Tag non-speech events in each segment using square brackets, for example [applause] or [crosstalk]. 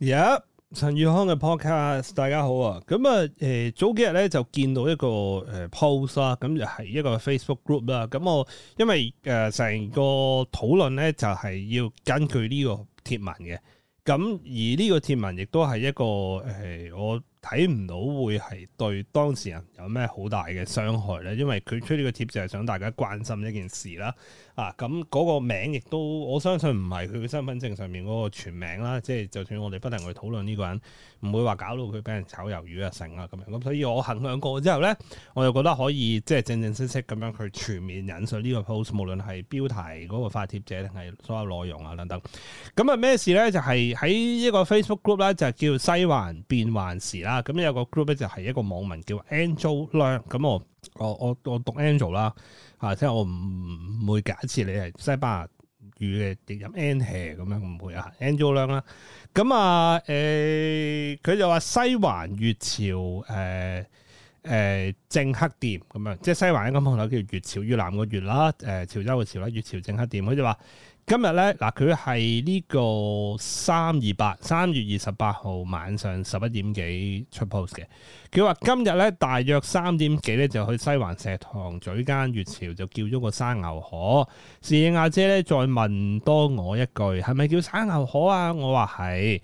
有陳宇康嘅 podcast，大家好啊！咁啊，誒、呃，早幾日咧，就見到一個誒、呃、post 啦，咁就係一個 Facebook group 啦。咁我因為誒成、呃、個討論咧，就係、是、要根據呢個貼文嘅，咁而呢個貼文亦都係一個誒、呃、我。睇唔到會係對當事人有咩好大嘅傷害咧，因為佢出呢個貼就係想大家關心一件事啦。啊，咁個名亦都我相信唔係佢嘅身份證上面嗰個全名啦，即係就算我哋不停去討論呢個人，唔會話搞到佢俾人炒魷魚啊成啊咁樣，咁所以我衡量過之後咧，我就覺得可以即係正正式式咁樣去全面引述呢個 post，無論係標題嗰個發帖者定係所有內容啊等等。咁啊咩事咧？就係喺一個 Facebook group 咧，就叫西環變幻時啦。啊，咁有個 group 咧就係一個網民叫 Angelo 咁我我我我讀 Angelo 啦，啊，即係我唔會假設你係西班牙語嘅讀音 Angie 咁樣，唔會 Lung, 啊 Angelo 啦，咁啊誒，佢、欸、就話西環越潮誒誒正黑店咁樣，即係西環一個鋪頭叫越潮越南嘅越啦，誒潮州嘅潮啦，越潮正黑店，佢、呃、就話。今日咧嗱，佢係呢個三二八，三月二十八號晚上十一點幾出 post 嘅。佢話今日咧大約三點幾咧就去西環石塘咀間月潮，就叫咗個生牛河。侍應阿姐咧再問多我一句，係咪叫生牛河啊？我話係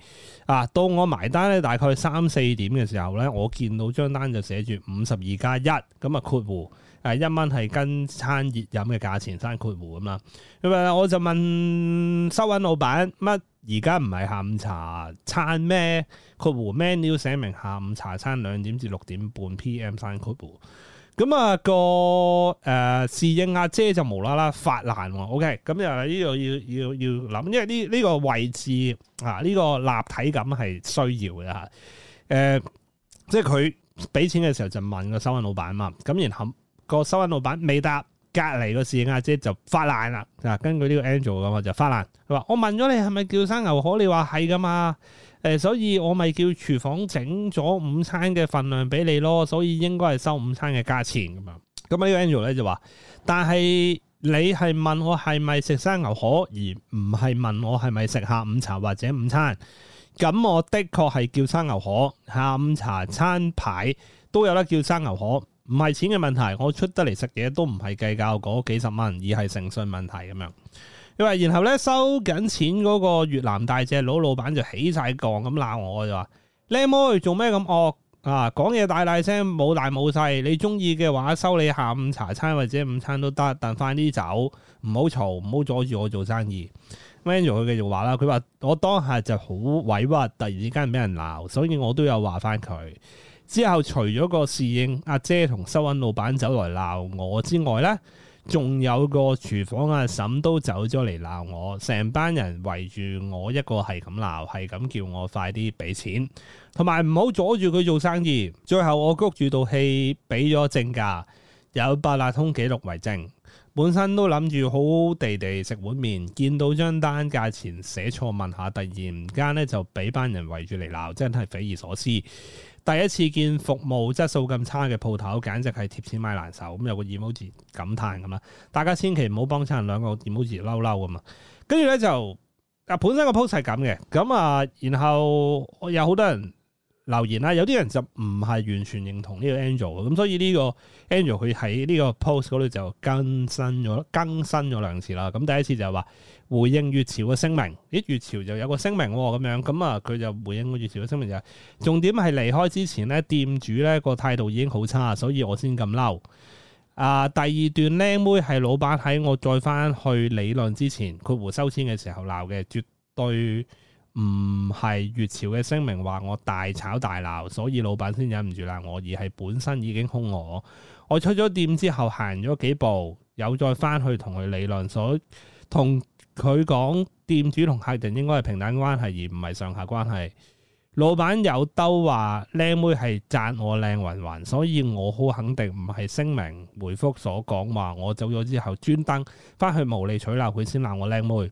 啊。到我埋單咧，大概三四點嘅時候咧，我見到張單就寫住五十二加一咁啊括弧。一蚊係跟餐熱飲嘅價錢，餐括弧咁啦。咁啊，我就問收銀老闆乜？而家唔係下午茶餐咩？括弧 menu 寫明下午茶餐兩點至六點半 PM，餐括弧。咁、那、啊個誒侍、呃、應阿姐，姐就無啦啦發爛。OK，咁又呢度要要要諗，因為呢呢、這個位置啊呢、這個立體感係需要嘅吓。誒、啊，即係佢俾錢嘅時候就問個收銀老闆啊嘛。咁然後。個收銀老闆未答，隔籬個侍應阿姐就發爛啦。嗱，根據呢個 Angel 咁啊，就發爛，話我問咗你係咪叫生牛河，你話係噶嘛？誒、呃，所以我咪叫廚房整咗午餐嘅份量俾你咯，所以應該係收午餐嘅價錢咁啊。咁呢個 Angel 咧就話，但係你係問我係咪食生牛河，而唔係問我係咪食下午茶或者午餐。咁我的確係叫生牛河，下午茶餐牌都有得叫生牛河。唔係錢嘅問題，我出得嚟食嘢都唔係計較嗰幾十蚊，而係誠信問題咁樣。佢話，然後咧收緊錢嗰個越南大隻佬老，老闆就起晒槓咁鬧我，就話：靚妹做咩咁惡啊？講嘢大大聲，冇大冇細。你中意嘅話，收你下午茶餐或者午餐都得，但快啲走，唔好嘈，唔好阻住我做生意。Andrew 佢繼續話啦，佢話我當下就好委屈，突然之間俾人鬧，所以我都有話翻佢。之後除咗個侍應阿姐同收銀老闆走嚟鬧我之外呢，仲有個廚房阿嬸都走咗嚟鬧我，成班人圍住我一個係咁鬧，係咁叫我快啲俾錢，同埋唔好阻住佢做生意。最後我谷住道氣，俾咗正價，有八達通記錄為證。本身都諗住好地地食碗麵，見到張單價錢寫錯，問下，突然間呢就俾班人圍住嚟鬧，真係匪夷所思。第一次見服務質素咁差嘅鋪頭，簡直係貼錢買難受。咁有個 emoji 感嘆咁啦，大家千祈唔好幫襯人兩個 emoji 嬲嬲咁嘛。跟住咧就，啊本身個 post 係咁嘅。咁啊，然後有好多人留言啦，有啲人就唔係完全認同呢個 Angel。咁所以呢個 Angel 佢喺呢個 post 嗰度就更新咗，更新咗兩次啦。咁第一次就係話。回應月潮嘅聲明，咦？月潮就有個聲明咁、哦、樣，咁啊佢就回應個月潮嘅聲明就係重點係離開之前咧，店主咧個態度已經好差，所以我先咁嬲。啊，第二段靚妹係老闆喺我再翻去理論之前，括弧收錢嘅時候鬧嘅，絕對唔係月潮嘅聲明話我大吵大鬧，所以老闆先忍唔住鬧我，而係本身已經兇我。我出咗店之後行咗幾步，有再翻去同佢理論，所同。佢講店主同客人應該係平等關係，而唔係上下關係。老闆有兜話靚妹係讚我靚雲雲，所以我好肯定唔係聲明回覆所講話我走咗之後專登翻去無理取鬧，佢先鬧我靚妹。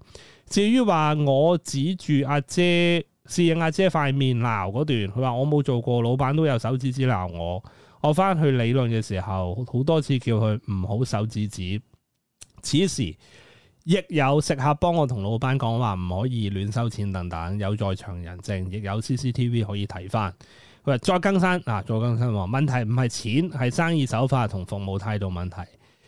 至於話我指住阿姐、侍應阿姐塊面鬧嗰段，佢話我冇做過，老闆都有手指指鬧我。我翻去理論嘅時候，好多次叫佢唔好手指指。此時。亦有食客幫我同老闆講話，唔可以亂收錢等等，有在場人證，亦有 CCTV 可以睇返。佢話再更新嗱，再更新話、啊、問題唔係錢，係生意手法同服務態度問題。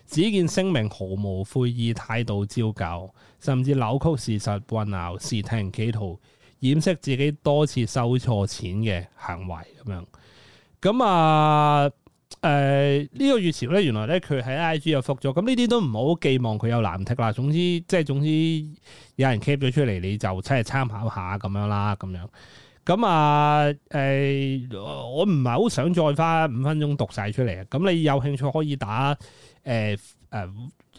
只見聲明毫無悔意，態度照舊，甚至扭曲事實、混淆視聽，企圖掩飾自己多次收錯錢嘅行為咁樣。咁啊～誒、呃、呢、這個月潮咧，原來咧佢喺 IG 又覆咗，咁呢啲都唔好寄望佢有藍剔啦。總之，即、就、係、是、總之，有人 keep 咗出嚟，你就真係參考下咁樣啦，咁樣。咁啊，誒、呃，我唔係好想再花五分鐘讀晒出嚟啊。咁你有興趣可以打誒誒、呃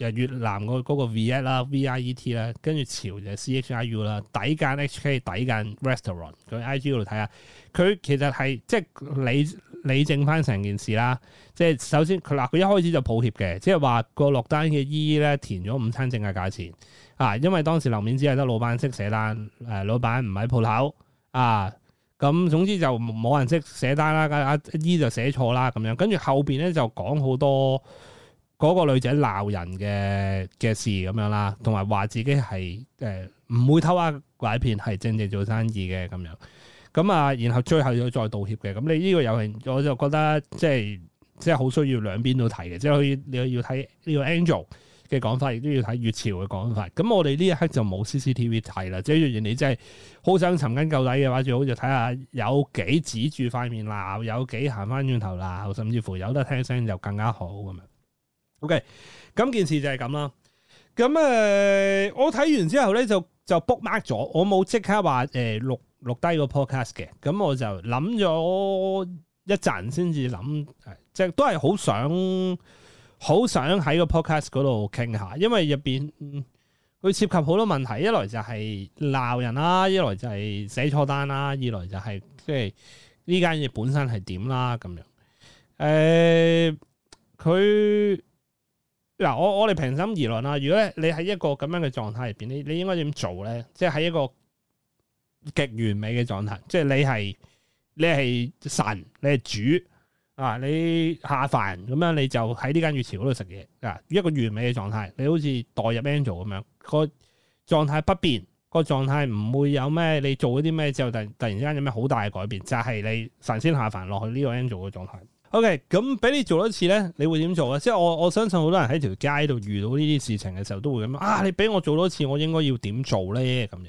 呃、越南的個嗰個 Viet 啦，Viet 呢，跟住潮就 Chiu 啦，底間 HK 底間 Restaurant，佢 IG 嗰度睇下，佢其實係即係你。理正翻成件事啦，即係首先佢嗱佢一開始就抱歉嘅，即係話個落單嘅姨咧填咗午餐正嘅價錢啊，因為當時樓面只係得老闆識寫單，誒、呃、老闆唔喺鋪頭啊，咁總之就冇人識寫單啦，阿、啊、姨、e、就寫錯啦咁樣，跟住後邊咧就講好多嗰個女仔鬧人嘅嘅事咁樣啦，同埋話自己係誒唔會偷啊拐騙，係正正做生意嘅咁樣。咁啊，然後最後要再道歉嘅，咁你呢個有型，我就覺得即係即係好需要兩邊都睇嘅，即係要你要睇呢個 Angel 嘅講法，亦都要睇月潮嘅講法。咁我哋呢一刻就冇 CCTV 睇啦。即係若果你真係好想尋根究底嘅話，最好就睇下有幾指住塊面鬧，有幾行翻轉頭鬧，甚至乎有得聽聲就更加好咁樣。OK，咁件事就係咁啦。咁誒，我睇完之後咧，就就 book mark 咗，我冇即刻話誒、呃錄低個 podcast 嘅，咁我就諗咗一陣先至諗，即、就、係、係、都係好想好想喺個 podcast 嗰度傾下，因為入邊佢涉及好多問題，一來就係鬧人啦，一來就係寫錯單啦，二來就係即係呢間嘢本身係點啦咁樣。誒，佢、呃、嗱我我哋平心而論啦，如果你喺一個咁樣嘅狀態入邊，你你應該點做咧？即係喺一個。極完美嘅狀態，即係你係你係神，你係主啊，你下凡咁樣，你就喺呢間潮越嗰度食嘢啊，一個完美嘅狀態，你好似代入 angel 咁樣，個狀態不變，個狀態唔會有咩你做咗啲咩之後，突然突然之間有咩好大嘅改變，就係你神仙下凡落去呢個 angel 嘅狀態。OK，咁俾你做多次咧，你會點做啊？即係我我相信好多人喺條街度遇到呢啲事情嘅時候，都會咁樣啊，你俾我做多次，我應該要點做咧？咁樣。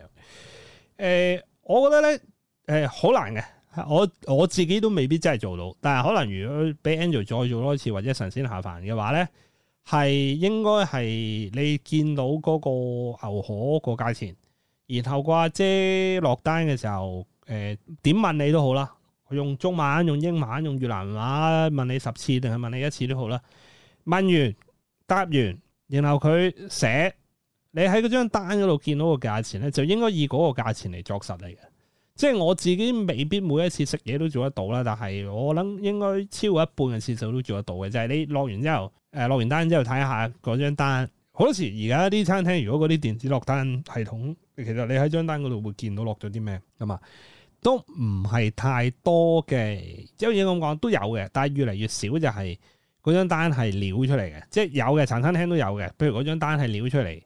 誒、呃，我覺得咧，誒、呃，好難嘅。我我自己都未必真係做到，但係可能如果俾 Angel 再做多一次或者神仙下凡嘅話咧，係應該係你見到嗰個牛河個價錢，然後個阿姐落單嘅時候，誒、呃，點問你都好啦，用中文、用英文、用越南話問你十次定係問你一次都好啦，問完答完，然後佢寫。你喺嗰張單嗰度見到個價錢咧，就應該以嗰個價錢嚟作實嚟嘅。即係我自己未必每一次食嘢都做得到啦，但係我諗應該超過一半嘅次數都做得到嘅。就係、是、你落完之後，呃、落完單之後睇下嗰張單。好多時而家啲餐廳如果嗰啲電子落單系統，其實你喺張單嗰度會見到落咗啲咩咁嘛，都唔係太多嘅。即好似咁講都有嘅，但係越嚟越少就係嗰張單係潦出嚟嘅。即係有嘅，茶餐廳都有嘅。譬如嗰張單係潦出嚟。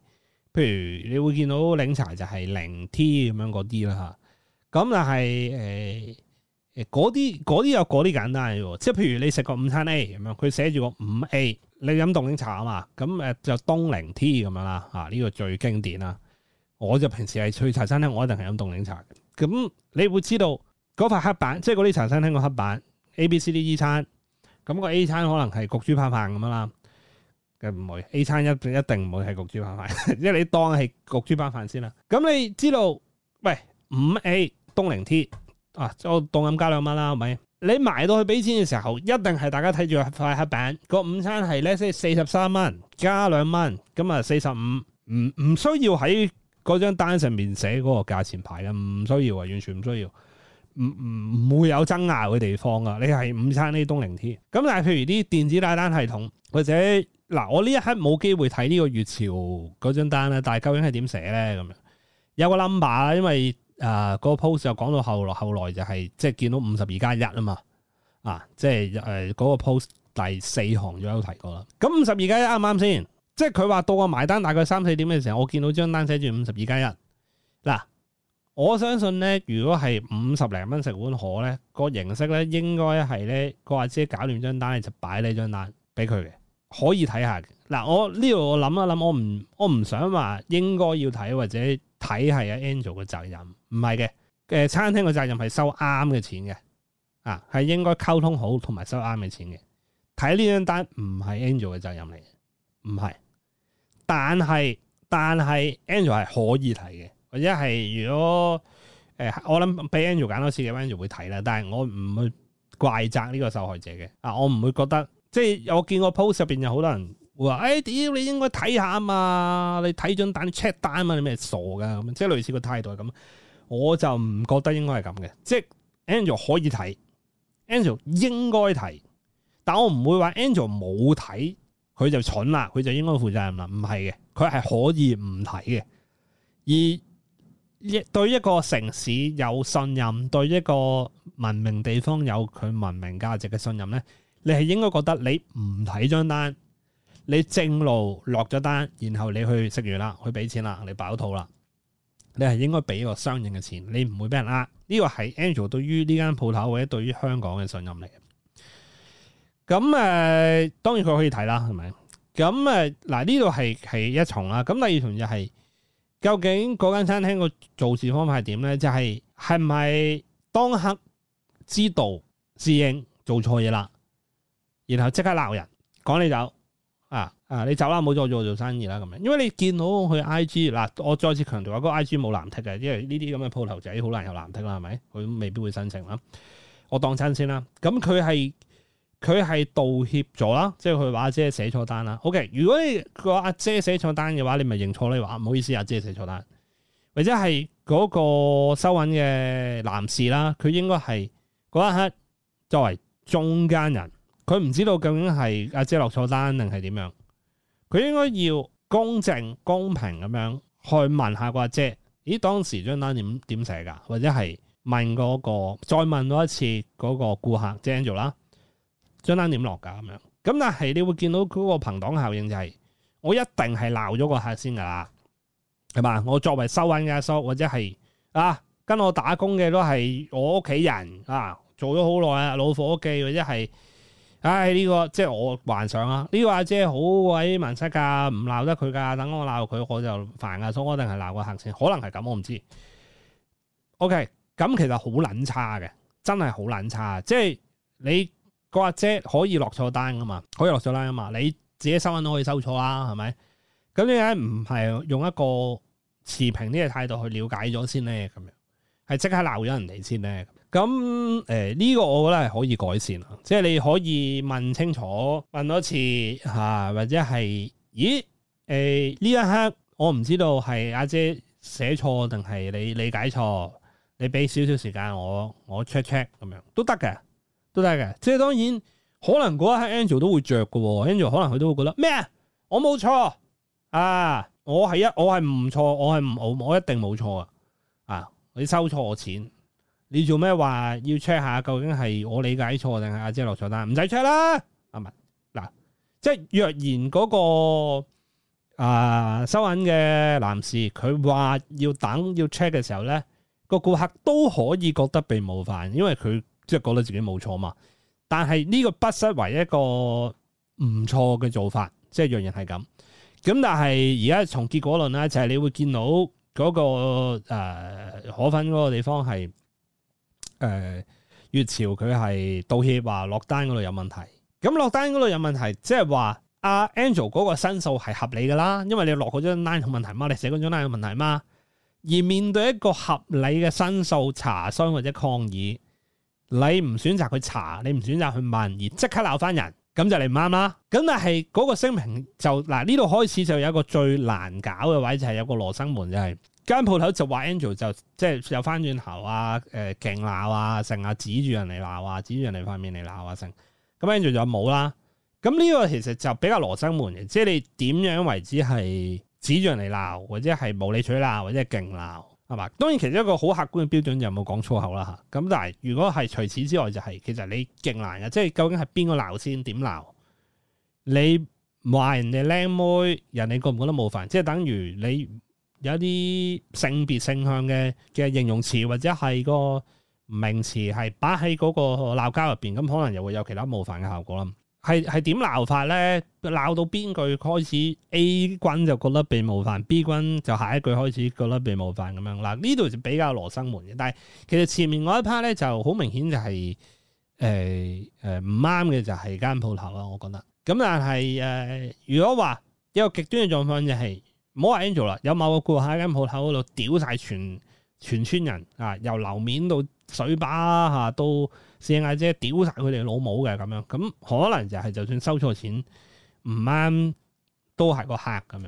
譬如你會見到檸茶就係零 T 咁樣嗰啲啦，吓，咁但係誒誒嗰啲嗰啲有嗰啲簡單嘅喎，即係譬如你食個午餐 A 咁樣，佢寫住個五 A，你飲凍檸茶啊嘛，咁就凍零 T 咁樣啦，呢個最經典啦，我就平時係去茶餐廳，我一定係飲凍檸茶嘅。咁你會知道嗰塊黑板，即係嗰啲茶餐廳個黑板 A、B、C、D、E 餐，咁個 A 餐可能係焗豬扒飯咁樣啦。唔會 A 餐一一定唔會係焗豬扒飯，因 [laughs] 為你當係焗豬扒飯先啦。咁你知道，喂，五 A 東菱 T 啊，我凍飲加兩蚊啦，係咪？你埋到去俾錢嘅時候，一定係大家睇住塊黑板個午餐係咧，即四十三蚊加兩蚊，咁啊四十五，唔唔需要喺嗰張單上面寫嗰個價錢牌嘅，唔需要啊，完全唔需要，唔唔唔會有爭拗嘅地方啊！你係午餐呢東菱 T，咁但係譬如啲電子大單系統或者，嗱、啊，我呢一刻冇機會睇呢個潮越嗰張單咧，但係究竟係點寫咧咁樣？有個 number 因為誒嗰，呃那個 post 又講到後來，後來就係、是、即係見到五十二加一啊嘛，啊即係誒嗰個 post 第四行有提過啦。咁五十二加一啱唔啱先？即係佢話到我埋單大概三四點嘅時候，我見到張單寫住五十二加一。嗱、啊，我相信咧，如果係五十零蚊食碗河咧，那個形式咧應該係咧個阿姐搞掂張單咧就擺呢張單俾佢嘅。可以睇下嘅嗱，我呢度我諗一諗，我唔我唔想話應該要睇或者睇係阿 Angel 嘅責任，唔係嘅，誒餐廳嘅責任係收啱嘅錢嘅，啊係應該溝通好同埋收啱嘅錢嘅，睇呢張單唔係 Angel 嘅責任嚟，嘅，唔係，但係但係 Angel 係可以睇嘅，或者係如果誒、呃、我諗俾 Angel 揀多次嘅 a n g e l 會睇啦，但係我唔會怪責呢個受害者嘅，啊我唔會覺得。即係我見個 post 入面有好多人會話，誒、哎、屌，你應該睇下啊嘛，你睇張單 check 單啊嘛，你咩傻噶咁？即係類似個態度係咁。我就唔覺得應該係咁嘅。即係 Angela 可以睇，Angela 應該睇，但我唔會話 Angela 冇睇佢就蠢啦，佢就應該負責任啦。唔係嘅，佢係可以唔睇嘅。而對一個城市有信任，對一個文明地方有佢文明價值嘅信任咧，你係應該覺得你唔睇張單，你正路落咗單，然後你去食完啦，去俾錢啦，你飽肚啦，你係應該俾個相應嘅錢，你唔會俾人呃。呢個係 Angel 對於呢間鋪頭或者對於香港嘅信任嚟嘅。咁誒、呃，當然佢可以睇啦，係咪？咁嗱，呢度係一重啦。咁第二重就係、是、究竟嗰間餐廳個做事方法係點咧？就係係唔係當刻知道侍應做錯嘢啦？然後即刻鬧人，講你走啊、啊，你走啦，冇再做做生意啦咁樣。因為你見到佢 I G 嗱，我再次強調啊，嗰個 I G 冇藍剔嘅，因為呢啲咁嘅鋪頭仔好難有藍剔啦，係咪？佢未必會申請啦。我當親先啦。咁佢係佢係道歉咗啦，即係佢話阿姐寫錯單啦。OK，如果你個阿姐寫錯單嘅話，你咪認錯你話，唔好意思，阿姐寫錯單，或者係嗰個收銀嘅男士啦，佢應該係嗰一刻作為中間人。佢唔知道究竟係阿姐落錯單定係點樣，佢應該要公正公平咁樣去問下個阿姐，咦當時張單點點寫噶，或者係問嗰個再問多一次嗰個顧客 Angel 啦，張單點落噶咁樣，咁但係你會見到嗰個朋黨效應就係，我一定係鬧咗個客先噶啦，係嘛？我作為收銀嘅阿叔或者係啊跟我打工嘅都係我屋企人啊，做咗好耐啊老伙計或者係。唉、哎，呢、這個即係我幻想啊！呢、這個阿姐，姐好鬼文塞噶，唔鬧得佢噶，等我鬧佢我就煩噶，所以我一定係鬧個客先，可能係咁，我唔知。OK，咁其實好撚差嘅，真係好撚差。即係你個阿姐，姐可以落錯單噶嘛，可以落錯單噶嘛，你自己收銀都可以收錯啦，係咪？咁點解唔係用一個持平啲嘅態度去了解咗先咧，咁樣係即刻鬧咗人哋先咧。咁、嗯、誒，呢、這個我覺得係可以改善啦，即係你可以問清楚，問多次吓、啊，或者係咦誒呢、呃、一刻我唔知道係阿姐寫錯定係你理解錯，你俾少少時間我我 check check 咁樣都得嘅，都得嘅。即係當然可能嗰一刻 Angel 都會着喎 Angel 可能佢都會覺得咩啊？我冇錯啊！我係一我係唔錯，我係唔好我一定冇錯啊！啊，你收錯我錢。你做咩話要 check 下究竟係我理解錯定係阿姐落錯單？唔使 check 啦，阿文嗱，即係若然嗰、那個啊、呃、收銀嘅男士佢話要等要 check 嘅時候咧，那個顧客都可以覺得被冒犯，因為佢即係覺得自己冇錯嘛。但係呢個不失為一個唔錯嘅做法，即係若然係咁。咁但係而家從結果論咧，就係、是、你會見到嗰、那個誒、呃、可分嗰個地方係。誒、呃，潮越佢係道歉話落單嗰度有問題，咁落單嗰度有問題，即係話阿 Angel 嗰個申訴係合理噶啦，因為你落嗰張 line 有問題嘛，你寫嗰張 line 有問題嘛，而面對一個合理嘅申訴查詢或者抗議，你唔選擇去查，你唔選擇去問，而即刻鬧翻人，咁就你唔啱啦。咁但係嗰個聲明就嗱呢度開始就有一個最難搞嘅位就係、是、有個羅生門就係、是。間鋪頭就話 Angel 就即係有翻轉頭啊！誒、呃，勁鬧啊，成日，指住人嚟鬧啊，指住人哋塊面嚟鬧啊，成咁 Angel 就冇啦。咁呢個其實就比較羅生門嘅，即係你點樣為之係指住人嚟鬧，或者係無理取鬧，或者係勁鬧，係嘛？當然，其中一個好客觀嘅標準就冇講粗口啦吓。咁但係如果係除此之外、就是，就係其實你勁鬧嘅，即係究竟係邊個鬧先？點鬧？你話人哋靚妹，人哋覺唔覺得冒犯？即係等於你。有啲性別性向嘅嘅形容詞或者係個名詞個面，係擺喺嗰個鬧交入邊，咁可能又會有其他冒犯嘅效果啦。係係點鬧法咧？鬧到邊句開始 A 君就覺得被冒犯，B 君就下一句開始覺得被冒犯咁樣嗱，呢度就比較羅生門嘅，但係其實前面嗰一 part 咧就好明顯就係誒誒唔啱嘅就係間鋪頭啦。我覺得咁，但係誒、呃、如果話一個極端嘅狀況就係、是。唔好話 Angel 啦，有某個顧客喺間鋪頭嗰度屌晒全全村人啊，由樓面到水吧、吓、啊，到四眼姐屌晒佢哋老母嘅咁樣。咁、嗯、可能就係就算收錯錢唔啱，都係個客咁樣。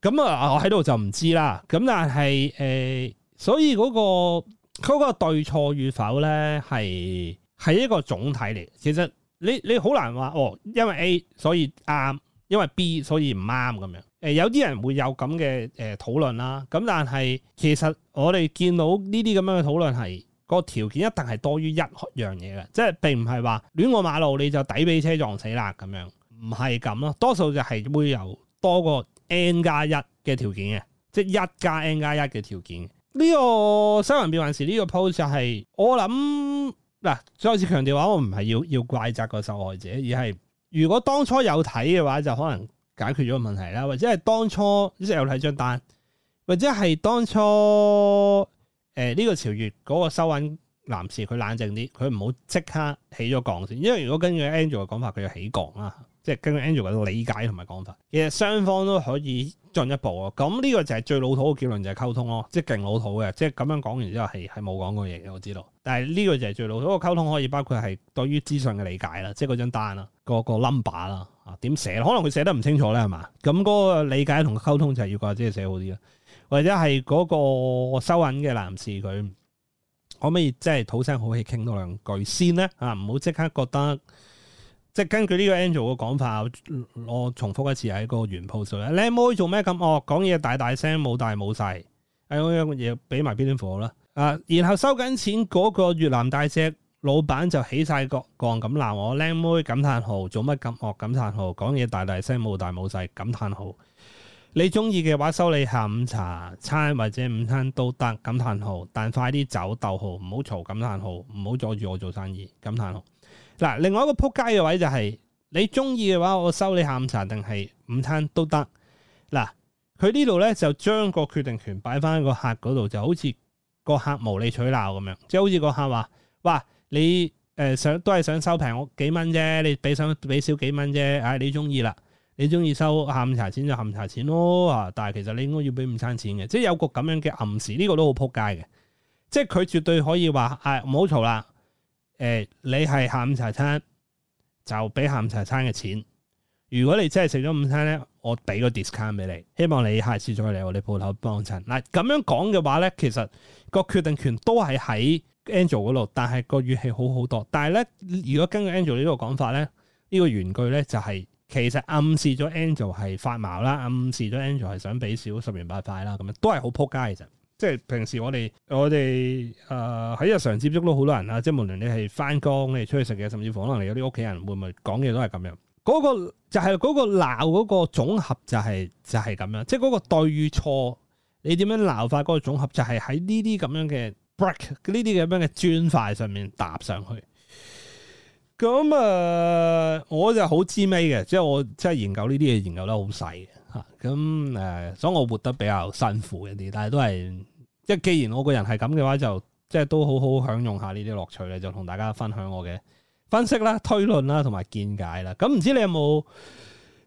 咁、嗯、啊、呃，我喺度就唔知啦。咁、嗯、但係誒、呃，所以嗰、嗰個嗰、嗰個對錯與否咧，係係一個總體嚟。其實你你好難話哦，因為 A 所以啱，因為 B 所以唔啱咁樣。誒、呃、有啲人會有咁嘅誒討論啦，咁但係其實我哋見到呢啲咁樣嘅討論係個條件一定係多於一樣嘢嘅，即係並唔係話亂過馬路你就抵俾車撞死啦咁樣，唔係咁咯，多數就係會有多個 n 加一嘅條件嘅，即係一加 n 加一嘅條件。呢、這個新聞變幻時呢個 post 就係、是、我諗嗱，再次強調話我唔係要要怪責個受害者，而係如果當初有睇嘅話就可能。解決咗個問題啦，或者係當初即係有睇張單，或者係當初誒呢、呃呢個潮越嗰個收銀男士佢冷靜啲，佢唔好即刻起咗降先，因為如果根據 Andrew 嘅講法，佢就起降啦，即係根據 Andrew 嘅理解同埋講法，其實雙方都可以進一步啊。咁呢個就係最老土嘅結論，就係、是、溝通咯，即係勁老土嘅，即係咁樣講完之後係係冇講過嘢嘅，我知道。但係呢個就係最老土、個溝通，可以包括係對於資訊嘅理解啦，即係嗰張單啊，個個 number 啦。啊，點寫？可能佢寫得唔清楚咧，係嘛？咁、那、嗰個理解同溝通就係要即姐，姐寫好啲啦，或者係嗰個收銀嘅男士佢可唔可以即係吐聲好氣傾多兩句先咧？啊，唔好即刻覺得即係根據呢個 Angel 嘅講法，我重複一次喺個原 post 度，靚妹，妹做咩咁惡？講、哦、嘢大大聲，冇大冇細。哎、啊、呀，嘢俾埋邊點火啦？啊，然後收緊錢嗰個越南大隻。老闆，就起晒個槓咁鬧我，靚妹感嘆號做乜咁惡感嘆號講嘢大大聲冇大冇細感嘆號，你中意嘅話收你下午茶餐或者午餐都得感嘆號，但快啲走逗號唔好嘈感嘆號唔好阻住我做生意感嘆號。嗱，另外一個仆街嘅位就係你中意嘅話，我收你下午茶定係午餐都得。嗱，佢呢度咧就將個決定權擺翻喺個客嗰度，就好似個客無理取鬧咁樣，即係好似個客話哇～你誒、呃、想都係想收平我幾蚊啫，你俾少俾少幾蚊啫，啊你中意啦，你中意收下午茶錢就下午茶錢咯啊，但係其實你應該要俾午餐錢嘅，即係有個咁樣嘅暗示，呢、呢個都好撲街嘅，即係佢絕對可以話，啊唔好嘈啦，誒、呃、你係下午茶餐就俾下午茶餐嘅錢，如果你真係食咗午餐咧，我俾個 discount 俾你，希望你下次再嚟我哋鋪頭幫襯。嗱咁樣講嘅話咧，其實個決定權都係喺 Angel 嗰度，但係個語氣好好多。但係咧，如果根據 Angel 呢個講法咧，呢個原句咧就係其實暗示咗 Angel 係發毛啦，暗示咗 Angel 係想俾少十元八塊啦，咁樣都係好撲街嘅啫。其實，即係平時我哋我哋誒喺日常接觸到好多人啦，即係無論你係翻工，你係出去食嘢，甚至乎可能你有啲屋企人，會唔會講嘢都係咁樣？嗰、那個就係嗰個鬧嗰個總合就係、是、就係、是、咁樣，即係嗰個對與錯，你點樣鬧法嗰個總合就係喺呢啲咁樣嘅 break，呢啲咁樣嘅磚塊上面搭上去。咁啊，我就好知味嘅，即係我即係研究呢啲嘢研究得好細嘅嚇。咁誒，所以我活得比較辛苦一啲，但係都係即係既然我個人係咁嘅話，就即係都好好享用下呢啲樂趣咧，就同大家分享我嘅。分析啦、推論啦、同埋見解啦，咁唔知你有冇？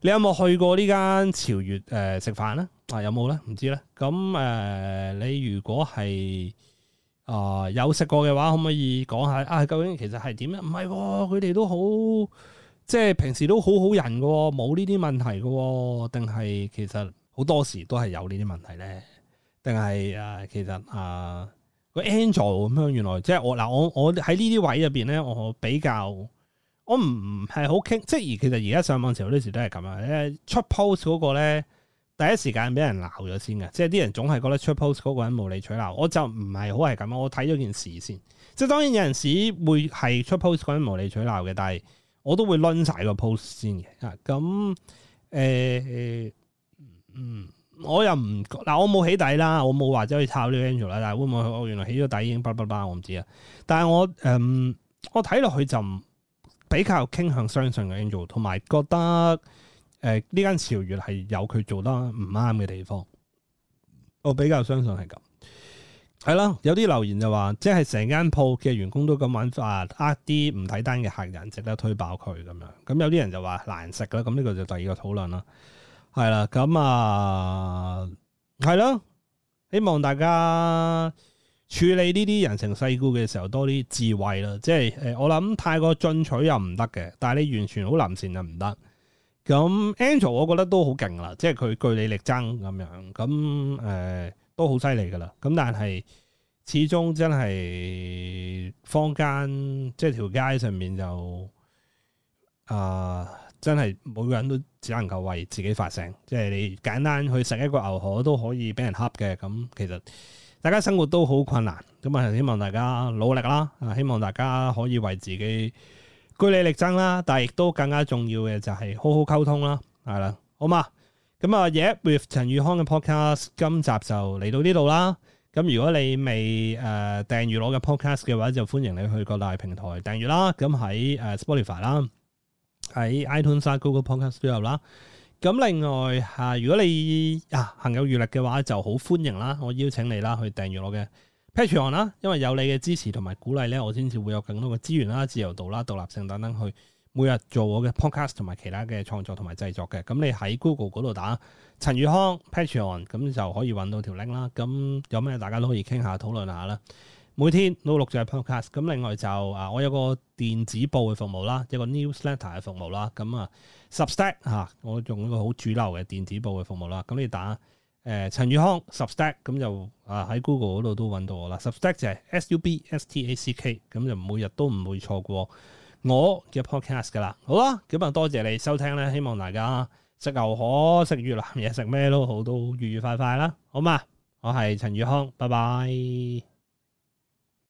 你有冇去過呢間潮越誒食飯咧？啊，有冇咧？唔知咧。咁誒、呃，你如果係啊、呃、有食過嘅話，可唔可以講下啊？究竟其實係點咧？唔係、哦，佢哋都好，即係平時都好好人喎、哦，冇呢啲問題喎、哦。定係其實好多時都係有呢啲問題咧？定係誒，其實啊。呃 Android 咁樣，原來即係我嗱，我我喺呢啲位入邊咧，我比較我唔係好傾，即係而其實而家上網時候，好多時都係咁樣咧。出 post 嗰個咧，第一時間俾人鬧咗先嘅，即係啲人總係覺得出 post 嗰個人無理取鬧。我就唔係好係咁，我睇咗件事先。即係當然有陣時會係出 post 嗰個人無理取鬧嘅，但係我都會 run 晒個 post 先嘅。吓，咁誒，誒，嗯。我又唔嗱，我冇起底啦，我冇話咗去抄呢個 Angel 啦，但係會唔會我原來起咗底已經叭叭叭，我唔知啊。但係我誒，我睇落去就比較傾向相信個 Angel，同埋覺得誒呢間潮越係有佢做得唔啱嘅地方，我比較相信係咁。係啦，有啲留言就話，即係成間鋪嘅員工都咁玩法，呃啲唔睇單嘅客人，值得推爆佢咁樣。咁有啲人就話難食啦，咁呢個就第二個討論啦。係啦，咁啊，係、嗯、咯，希望大家處理呢啲人情世故嘅時候多啲智慧啦，即係誒，我諗太過進取又唔得嘅，但係你完全好臨善就唔得。咁 Angel 我覺得都好勁啦，即係佢據理力爭咁樣，咁誒、嗯嗯、都好犀利噶啦。咁但係始終真係坊間即係條街上面就啊。呃真係每個人都只能夠為自己發聲，即係你簡單去食一個牛河都可以俾人恰嘅，咁其實大家生活都好困難，咁啊希望大家努力啦，啊希望大家可以為自己據理力爭啦，但係亦都更加重要嘅就係好好溝通啦，係啦，好嘛，咁啊，嘢、yeah, with 陳宇康嘅 podcast，今集就嚟到呢度啦，咁如果你未誒訂閱我嘅 podcast 嘅話，就歡迎你去各大平台訂閱啦，咁喺誒 Spotify 啦。喺 iTunes 啊、Google Podcast 都有啦。咁另外、啊、如果你啊行有餘力嘅話，就好歡迎啦。我邀請你啦，去訂閱我嘅 Patreon 啦，因為有你嘅支持同埋鼓勵咧，我先至會有更多嘅資源啦、自由度啦、獨立性等等，去每日做我嘅 podcast 同埋其他嘅創作同埋製作嘅。咁你喺 Google 嗰度打陳宇康 Patreon，咁就可以搵到條 link 啦。咁有咩大家都可以傾下討論下啦。每天都錄住係 podcast，咁另外就啊，我有個電子報嘅服務啦，一個 newsletter 嘅服務啦，咁啊 substack 吓我用一個好主流嘅電子報嘅服務啦。咁你打誒、呃、陳宇康 substack，咁就啊喺 Google 嗰度都搵到我啦。substack 就係 s-u-b-s-t-a-c-k，咁就每日都唔會錯過我嘅 podcast 噶啦。好啦，咁啊多謝你收聽咧，希望大家食牛河食越南嘢食咩都好，都愉愉快快啦。好嘛，我係陳宇康，拜拜。